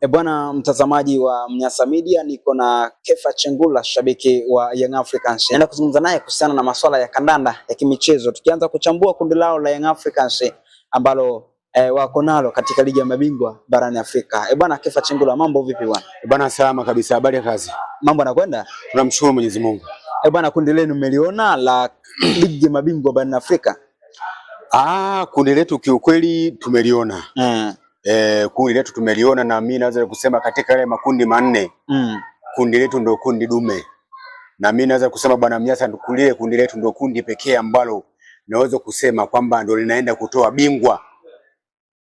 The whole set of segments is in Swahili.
E bwana mtazamaji wa Mnyasa Media, niko na Kefa Chengula, shabiki wa Young Africans. Naenda kuzungumza naye kuhusiana na masuala ya kandanda ya kimichezo, tukianza kuchambua kundi lao la Young Africans ambalo e, wako nalo katika ligi ya mabingwa barani Afrika. E bwana Kefa Chengula, mambo vipi bwana? E bwana, salama kabisa. Habari ya kazi? Mambo yanakwenda? Tunamshukuru Mwenyezi Mungu. E bwana, kundi lenu mmeliona la ligi ya mabingwa barani Afrika? Ah, kundi letu kiukweli tumeliona. Mm e, kundi letu tumeliona, na mimi naweza kusema katika yale makundi manne mm. kundi letu ndio kundi dume, na mimi naweza kusema bwana Mnyasa, kulie kundi letu ndio kundi pekee ambalo naweza kusema kwamba ndio linaenda kutoa bingwa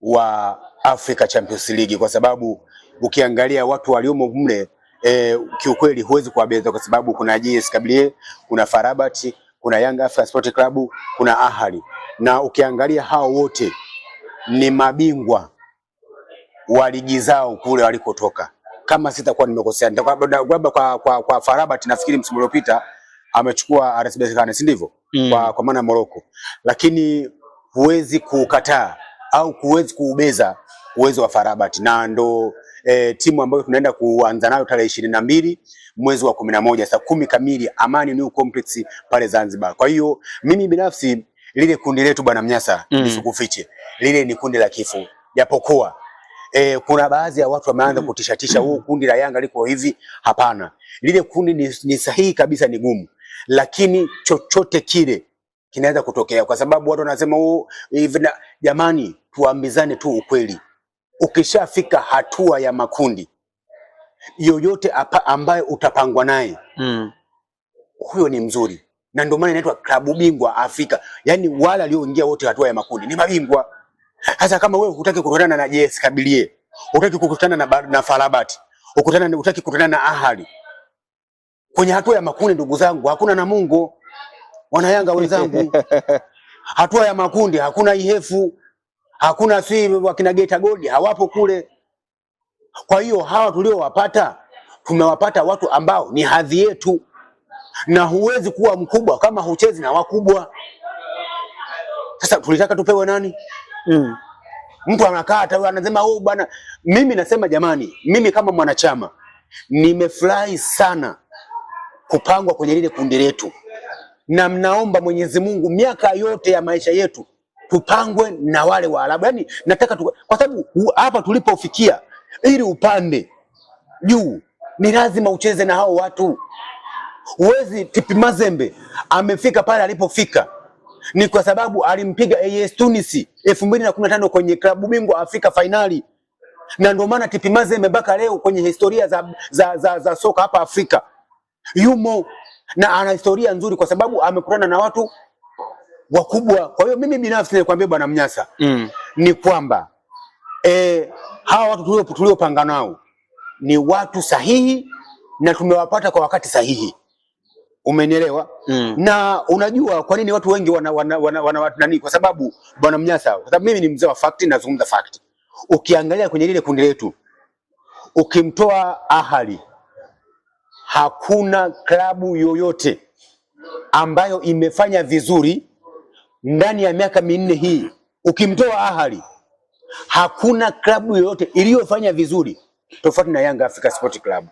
wa Africa Champions League, kwa sababu ukiangalia watu waliomo mle e, kiukweli huwezi kuwabeza kwa sababu kuna JS Kabylie, kuna Farabati, kuna Young Africa Sport Club, kuna Ahali, na ukiangalia hao wote ni mabingwa wa ligi zao kule walikotoka. Kama sitakuwa nimekosea, labda kwa, kwa, kwa Farabat nafikiri msimu uliopita amechukua RS Berkane, si ndivyo? mm. kwa, kwa maana ya Morocco, lakini huwezi kukataa au huwezi kuubeza uwezo wa Farabat na ndo e, timu ambayo tunaenda kuanza nayo tarehe ishirini na mbili mwezi wa kumi na moja saa kumi kamili Amani New Complex pale Zanzibar. Kwa hiyo mimi binafsi lile kundi letu bwana Mnyasa, mm. nisikufiche lile ni kundi la kifo, japokuwa eh, kuna baadhi ya watu wameanza mm. kutishatisha huu mm. kundi la Yanga liko hivi. Hapana, lile kundi ni, ni sahihi kabisa, ni gumu, lakini chochote kile kinaweza kutokea, kwa sababu watu wanasema huu hivi. Jamani, tuambizane tu ukweli, ukishafika hatua ya makundi yoyote apa ambaye utapangwa naye mm. huyo ni mzuri, na ndio maana inaitwa klabu bingwa Afrika. Yani wale walioingia wote hatua ya makundi ni mabingwa. Hasa kama wewe hutaki kukutana na JS Kabilie, hutaki kukutana na, na Farabat, ukutana hutaki kukutana na Ahali. Kwenye hatua ya makundi ndugu zangu, hakuna Namungo. Wanayanga wenzangu. Hatua ya makundi hakuna Ihefu. Hakuna si wakina Geita Gold hawapo kule. Kwa hiyo hawa tuliowapata tumewapata watu ambao ni hadhi yetu, na huwezi kuwa mkubwa kama huchezi na wakubwa. Sasa tulitaka tupewe nani? mm. Mtu anakaa anasema oh, bwana. Mimi nasema jamani, mimi kama mwanachama nimefurahi sana kupangwa kwenye lile kundi letu, na mnaomba Mwenyezi Mungu miaka yote ya maisha yetu tupangwe na wale Waarabu. Yani nataka tu, kwa sababu hapa tulipofikia, ili upande juu ni lazima ucheze na hao watu. Huwezi Tipi Mazembe amefika pale alipofika ni kwa sababu alimpiga AS Tunisi 2015 kwenye klabu bingwa Afrika fainali, na ndio maana TP Mazembe mpaka leo kwenye historia za, za, za, za soka hapa Afrika yumo na ana historia nzuri, kwa sababu amekutana na watu wakubwa. Kwa hiyo mimi binafsi nilikwambia bwana Mnyasa mm. ni kwamba e, hawa watu tuliopanga nao ni watu sahihi na tumewapata kwa wakati sahihi. Umenielewa? mm. na unajua kwa nini watu wengi wana, wana, wana, wana, wana nani? Kwa sababu bwana Mnyasa, kwa sababu mimi ni mzee wa fakti, nazungumza fact Ukiangalia kwenye lile kundi letu, ukimtoa Ahali, hakuna klabu yoyote ambayo imefanya vizuri ndani ya miaka minne hii. Ukimtoa Ahali, hakuna klabu yoyote iliyofanya vizuri tofauti na Yanga Africa Sport Club,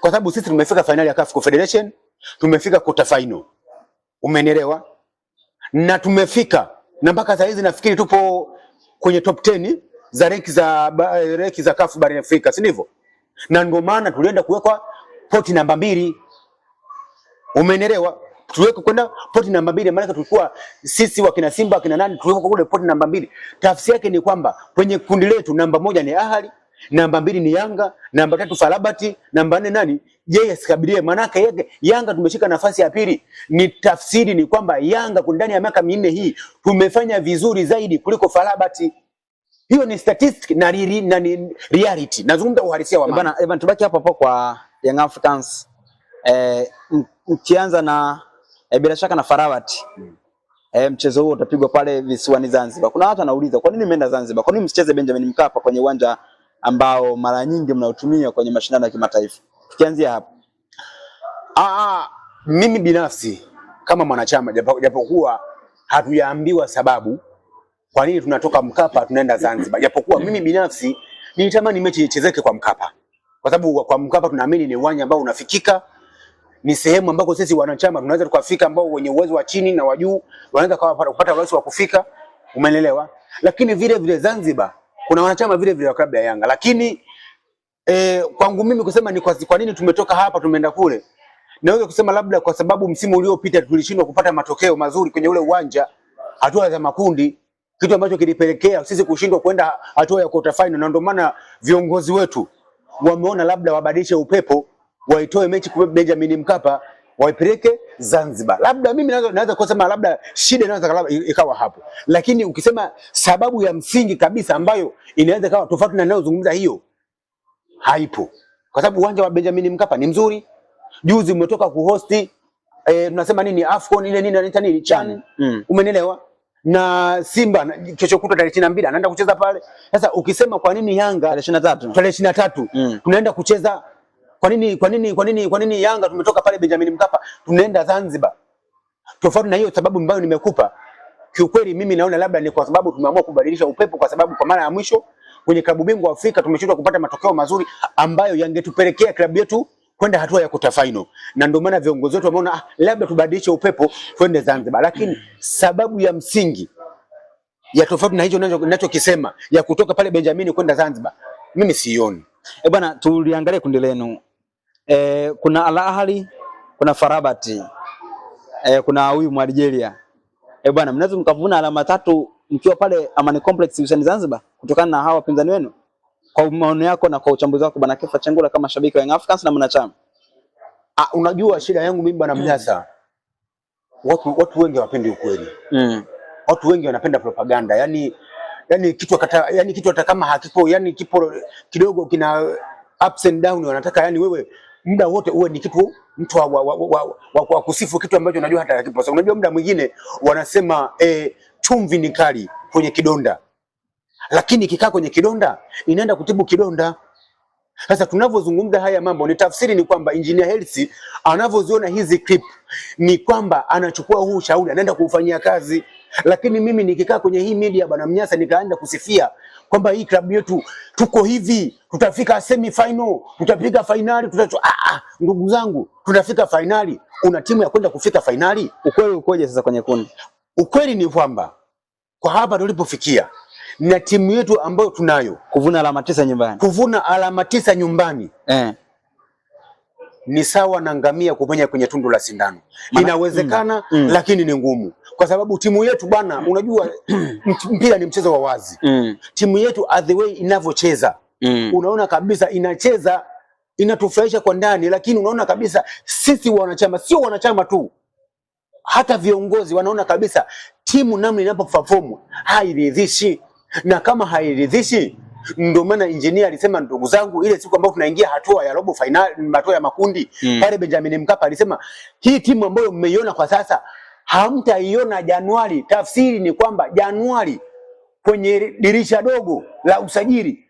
kwa sababu sisi tumefika fainali ya CAF Confederation tumefika kota final, umenielewa? Na tumefika na mpaka saa hizi nafikiri tupo kwenye top 10 za renki za renki za kafu barani Afrika, si ndivyo? Na ndio maana tulienda kuwekwa poti namba mbili, umenielewa? Tuweko kwenda poti namba mbili, maana tulikuwa sisi wakina Simba wakina nani, tuweko kule poti namba mbili. Tafsiri yake ni kwamba kwenye kundi letu namba moja ni Ahali, namba mbili ni Yanga, namba tatu Farabati, namba nne nani? Yeye asikabilie manake yake Yanga tumeshika nafasi ya pili. Ni tafsiri ni kwamba Yanga ndani ya miaka minne hii tumefanya vizuri zaidi kuliko Farabati. Hiyo ni statistic na, ri, na ni reality. Nazungumza uhalisia wa eh, bana. Evan, eh, tubaki hapo hapo kwa Young Africans. Eh, mkianza na e, bila shaka na Farawati. Hmm. E, mchezo huo utapigwa pale visiwani Zanzibar. Kuna watu wanauliza kwa nini mmeenda Zanzibar? Kwa nini msicheze Benjamin Mkapa kwenye uwanja ambao mara nyingi mnaotumia kwenye mashindano ya kimataifa? Tukianzia hapo. Ah, ah mimi binafsi kama mwanachama japokuwa hatujaambiwa sababu kwa nini tunatoka Mkapa tunaenda Zanzibar, japokuwa mimi binafsi nilitamani mechi ichezeke kwa Mkapa, kwa sababu kwa Mkapa tunaamini ni uwanja ambao unafikika, ni sehemu ambako sisi wanachama tunaweza tukafika, ambao wenye uwezo wa chini na wa juu wanaweza kupata urahisi wa kufika, umeelewa? Lakini vile vile Zanzibar kuna wanachama vile vile wa klabu ya Yanga, lakini eh, kwangu mimi kusema ni kwa, kwa nini tumetoka hapa tumeenda kule, naweza kusema labda kwa sababu msimu uliopita tulishindwa kupata matokeo mazuri kwenye ule uwanja hatua za makundi, kitu ambacho kilipelekea sisi kushindwa kwenda hatua ya quarter final, na ndio maana viongozi wetu wameona labda wabadilishe upepo, waitoe mechi kwa Benjamin Mkapa waipeleke Zanzibar. Labda mimi naweza kusema labda shida inaweza ikawa hapo, lakini ukisema sababu ya msingi kabisa ambayo inaweza ikawa tofauti na ninayozungumza hiyo haipo, kwa sababu uwanja wa Benjamin Mkapa ni mzuri. Juzi umetoka kuhosti eh, tunasema nini Afcon ile nini anaita nini chani mm, mm. Umenielewa? na Simba kesho kutwa tarehe ishirini na mbili anaenda kucheza pale. Sasa ukisema kwa nini Yanga tarehe ishirini na tatu mm. tunaenda kucheza kwa nini kwa nini kwa nini kwa nini Yanga tumetoka pale Benjamin Mkapa tunaenda Zanzibar? Tofauti na hiyo sababu ambayo nimekupa. Kiukweli mimi naona labda ni kwa sababu tumeamua kubadilisha upepo, kwa sababu kwa mara ya mwisho kwenye klabu bingwa Afrika tumeshindwa kupata matokeo mazuri ambayo yangetupelekea klabu yetu kwenda hatua ya kuta final, na ndio maana viongozi wetu wameona ah, labda tubadilishe upepo twende Zanzibar. Lakini sababu ya msingi ya tofauti na hicho ninachokisema ya kutoka pale Benjamin kwenda Zanzibar mimi sioni. Eh bwana, tuliangalie kundi lenu e, kuna Al Ahly, kuna Farabati e, eh, kuna huyu mwa Algeria e, bwana, mnaweza mkavuna alama tatu mkiwa pale Amani Complex Usani Zanzibar, kutokana na hawa wapinzani wenu. Kwa maono yako na kwa uchambuzi wako bwana Kefa Chengula, kama shabiki wa Young Africans na mwanachama ah, unajua shida yangu mimi bwana Mnyasa, Mm. watu watu wengi hawapendi ukweli mm. Watu wengi wanapenda propaganda yani yani kitu kata, yani kitu hata kama hakipo yani kipo kidogo kina ups and down, wanataka yani wewe muda wote uwe ni kitu mtu wa, wa, wa, wa, wa, wa kusifu kitu ambacho unajua hata hakipo. So, unajua muda mwingine wanasema e, chumvi ni kali kwenye kidonda, lakini ikikaa kwenye kidonda inaenda kutibu kidonda. Sasa tunavyozungumza haya mambo, ni tafsiri ni kwamba Engineer Hersi anavyoziona hizi clip ni kwamba anachukua huu ushauri anaenda kuufanyia kazi. Lakini mimi nikikaa kwenye hii media bwana Mnyasa, nikaanza kusifia kwamba hii klabu yetu tuko hivi, tutafika semi final, tutapiga fainali, tutacho. Ah, ah, ndugu zangu, tunafika fainali, Kuna timu ya kwenda kufika fainali. Ukweli ukoje sasa kwenye kundi? Ukweli ni kwamba kwa hapa tulipofikia na timu yetu ambayo tunayo kuvuna alama tisa nyumbani, kuvuna alama tisa nyumbani eh, ni sawa na ngamia kupenya kwenye tundu la sindano. Inawezekana mm, mm, lakini ni ngumu kwa sababu timu yetu bana, unajua mpira ni mchezo wa wazi mm. Timu yetu the way inavyocheza mm, unaona kabisa inacheza inatufurahisha kwa ndani, lakini unaona kabisa sisi wanachama, sio wanachama tu, hata viongozi wanaona kabisa timu namna inapoperform hairidhishi na kama hairidhishi ndio maana injinia alisema, ndugu zangu, ile siku ambayo tunaingia hatua ya robo finali, hatua ya makundi mm. pale Benjamin Mkapa alisema hii timu ambayo mmeiona kwa sasa hamtaiona Januari. Tafsiri ni kwamba Januari kwenye dirisha dogo la usajili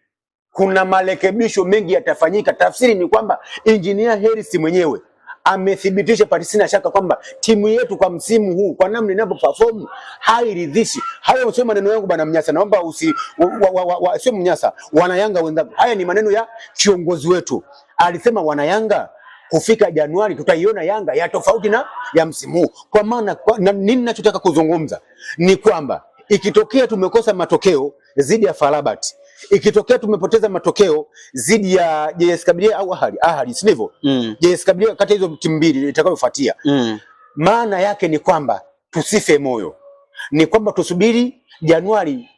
kuna marekebisho mengi yatafanyika. Tafsiri ni kwamba injinia Harris mwenyewe amethibitisha patisina shaka kwamba timu yetu kwa msimu huu kwa namna inavyo perform hairidhishi. Hayo sio maneno yangu bwana Mnyasa, naomba usi sio Mnyasa, wanayanga wenzangu, haya ni maneno ya kiongozi wetu. Alisema wanayanga kufika Januari tutaiona Yanga ya tofauti na ya msimu huu. Kwa maana na, nini nachotaka kuzungumza ni kwamba ikitokea tumekosa matokeo dhidi ya Farabat Ikitokea tumepoteza matokeo dhidi ya JS Kabylie au Ahali, Ahali si ndivyo? mm. JS Kabylie kati hizo timu mbili itakayofuatia mm. maana yake ni kwamba tusife moyo, ni kwamba tusubiri Januari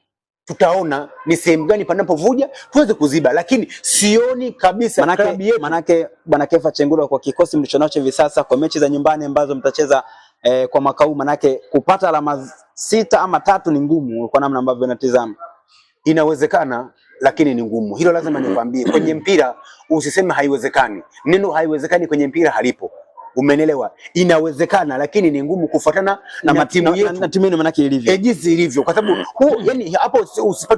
tutaona ni sehemu gani panapovuja tuweze kuziba, lakini sioni kabisa manake, yetu. Manake bwana Kefa Chengula, kwa kikosi mlichonacho hivi sasa kwa mechi za nyumbani ambazo mtacheza eh, kwa mwaka huu, manake kupata alama sita ama tatu ni ngumu, kwa namna ambavyo natizama. Inawezekana lakini ni ngumu. Hilo lazima nikwambie. Kwenye mpira usiseme haiwezekani. Neno haiwezekani kwenye mpira halipo. Umenelewa? Inawezekana lakini ni ngumu kufuatana na matimu yetu na timu yenu manake ilivyo. Eh, jinsi ilivyo kwa sababu huu mm. yani hapo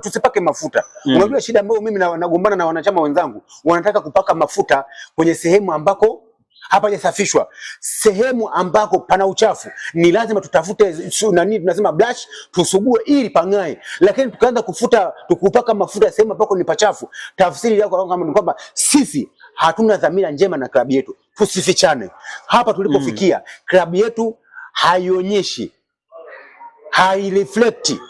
usipake mafuta. Mm. Unajua shida ambayo mimi nagombana na wanachama wenzangu, wanataka kupaka mafuta kwenye sehemu ambako hapajasafishwa, sehemu ambako pana uchafu ni lazima tutafute nani tunasema brush, tusugue ili pang'ae. Lakini tukaanza kufuta tukupaka mafuta sehemu ambako ni pachafu, tafsiri yako kama ni kwamba sisi hatuna dhamira njema na klabu yetu. Tusifichane hapa tulipofikia, mm. klabu yetu haionyeshi haireflekti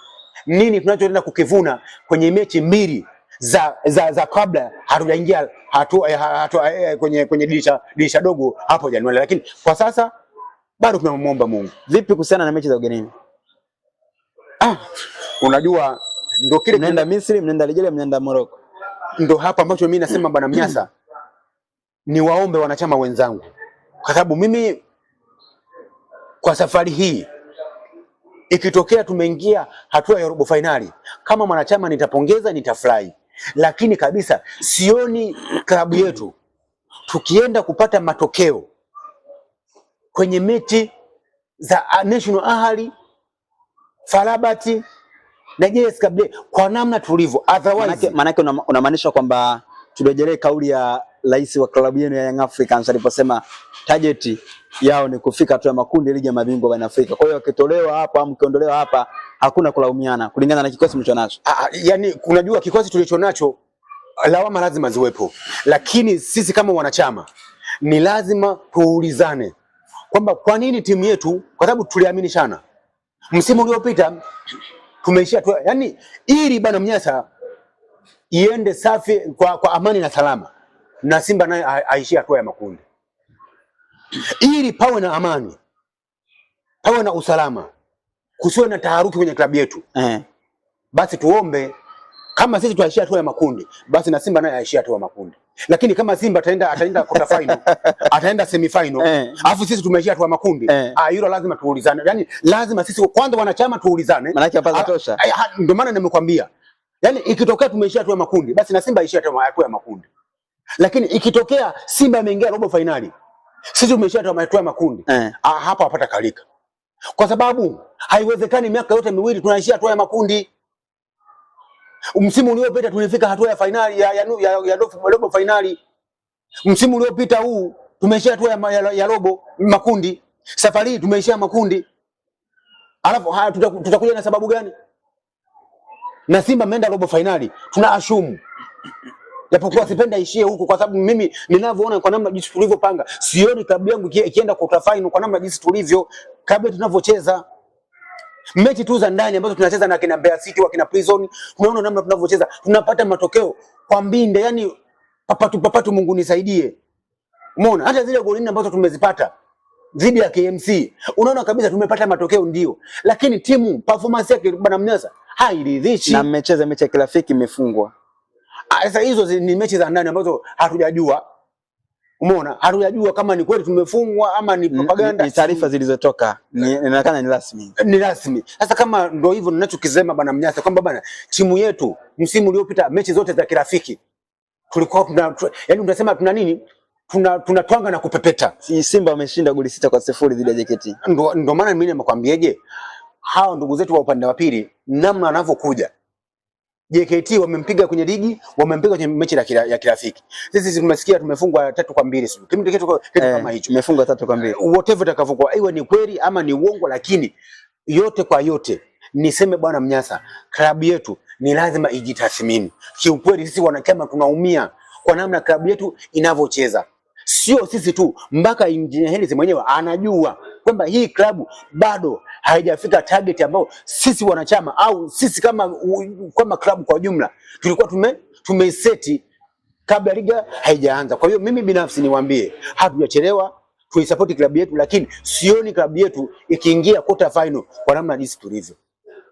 nini tunachoenda kukivuna kwenye mechi mbili za za, za kabla hatujaingia hatu, eh, hatu, eh, eh, kwenye kwenye dirisha dirisha dogo hapo Januari, lakini kwa sasa bado tunamwomba Mungu. Vipi kuhusiana na mechi za ugenini? Ah, unajua ndio kile mnaenda Misri, mnaenda Algeria, mnaenda Morocco. Ndio hapa ambacho mimi nasema bwana Mnyasa ni waombe wanachama wenzangu, kwa sababu mimi kwa safari hii ikitokea tumeingia hatua ya robo fainali, kama mwanachama nitapongeza, nitafurahi lakini kabisa sioni klabu yetu tukienda kupata matokeo kwenye mechi za National Ahali Farabati na JS Kabylie kwa namna tulivyo, otherwise manake unamaanisha kwamba turejelee kauli ya rais wa klabu yenu ya Young Africans aliposema target yao ni kufika tu ya makundi ligi ya mabingwa barani Afrika. Kwa hiyo akitolewa hapa au mkiondolewa hapa hakuna kulaumiana kulingana na kikosi mlicho nacho. Ah, ah, yani unajua kikosi tulicho nacho lawama lazima ziwepo, lakini sisi kama wanachama ni lazima tuulizane kwamba kwa nini timu yetu, kwa sababu tuliamini sana msimu uliopita tumeishia tu, yani ili bana Mnyasa iende safi kwa, kwa amani na salama na Simba naye aishie hatua ya makundi, ili pawe na amani, pawe na usalama, kusiwe na taharuki kwenye klabu yetu eh. Basi tuombe kama sisi tuaishie hatua ya makundi, basi na Simba naye aishie hatua ya makundi. Lakini kama Simba ataenda ataenda quarter final, ataenda semi final, eh. alafu eh, sisi tumeishia hatua ya makundi eh, ah, hilo lazima tuulizane. yani lazima sisi kwanza wanachama tuulizane, maana yake hapa ah, tosha. Eh, ndio maana nimekwambia, yani ikitokea tumeishia hatua ya makundi, basi na Simba aishia hatua ya makundi. Lakini ikitokea Simba ameingia robo fainali, sisi tumeshatoa matua makundi eh, ah, hapa wapata kalika, kwa sababu haiwezekani miaka yote miwili tunaishia hatua ya makundi. Msimu uliopita tulifika hatua ya fainali ya, ya, ya, ya ya robo fainali. Msimu uliopita huu tumeishia hatua ya, ya, ya robo makundi. Safari hii tumeishia makundi, alafu haya tutakuja tuta na sababu gani? Na Simba ameenda robo fainali, tuna ashumu japokuwa sipenda ishie huku, kwa sababu mimi ninavyoona kwa namna jinsi tulivyopanga, sioni klabu yangu ikienda kwa final kwa namna jinsi tulivyo kabla tunavyocheza mechi tu za ndani ambazo tunacheza na kina Mbeya City wakina Prison, unaona namna tunavyocheza, tunapata matokeo kwa mbinde, yani papatu papatu. Mungu nisaidie, umeona hata zile goli nne ambazo tumezipata dhidi ya KMC, unaona kabisa tumepata matokeo ndio, lakini timu performance yake bwana Mnyasa hairidhishi, na mmecheza mechi ya kirafiki imefungwa Ah, sasa hizo ni mechi za ndani ambazo hatujajua, umeona, hatujajua kama ni kweli tumefungwa ama ni propaganda. Ni taarifa zilizotoka, eh. inaonekana ni rasmi, ni rasmi. Sasa kama ndio hivyo, ninachokisema bwana Mnyasa kwamba bwana, timu yetu msimu uliopita mechi zote za kirafiki tulikuwa tuna, yaani unasema tuna nini tuna tunatwanga na kupepeta. Si Simba wameshinda goli sita kwa sifuri dhidi ya JKT. Ndio ndio maana mimi nimekwambiaje? hao ndugu zetu wa upande wa pili namna wanavyokuja JKT wamempiga kwenye ligi, wamempiga kwenye mechi ya kirafiki. Sisi tumesikia tumefungwa tatu kwa mbili sio? Kitu kitu kama eh, hicho. Tumefungwa tatu kwa mbili. Whatever takavuka, iwe ni kweli ama ni uongo, lakini yote kwa yote niseme bwana Mnyasa, klabu yetu ni lazima ijitathmini. Kiukweli sisi wanachama tunaumia kwa namna klabu yetu inavyocheza. Sio sisi tu, mpaka injinia Hersi mwenyewe anajua kwamba hii klabu bado haijafika target ambayo sisi wanachama au sisi kama kama klabu kwa jumla tulikuwa tume tumeiseti kabla liga haijaanza. Kwa hiyo mimi binafsi niwaambie, hatujachelewa tuisapoti klabu yetu, lakini sioni klabu yetu ikiingia quarter final kwa namna jinsi tulivyo.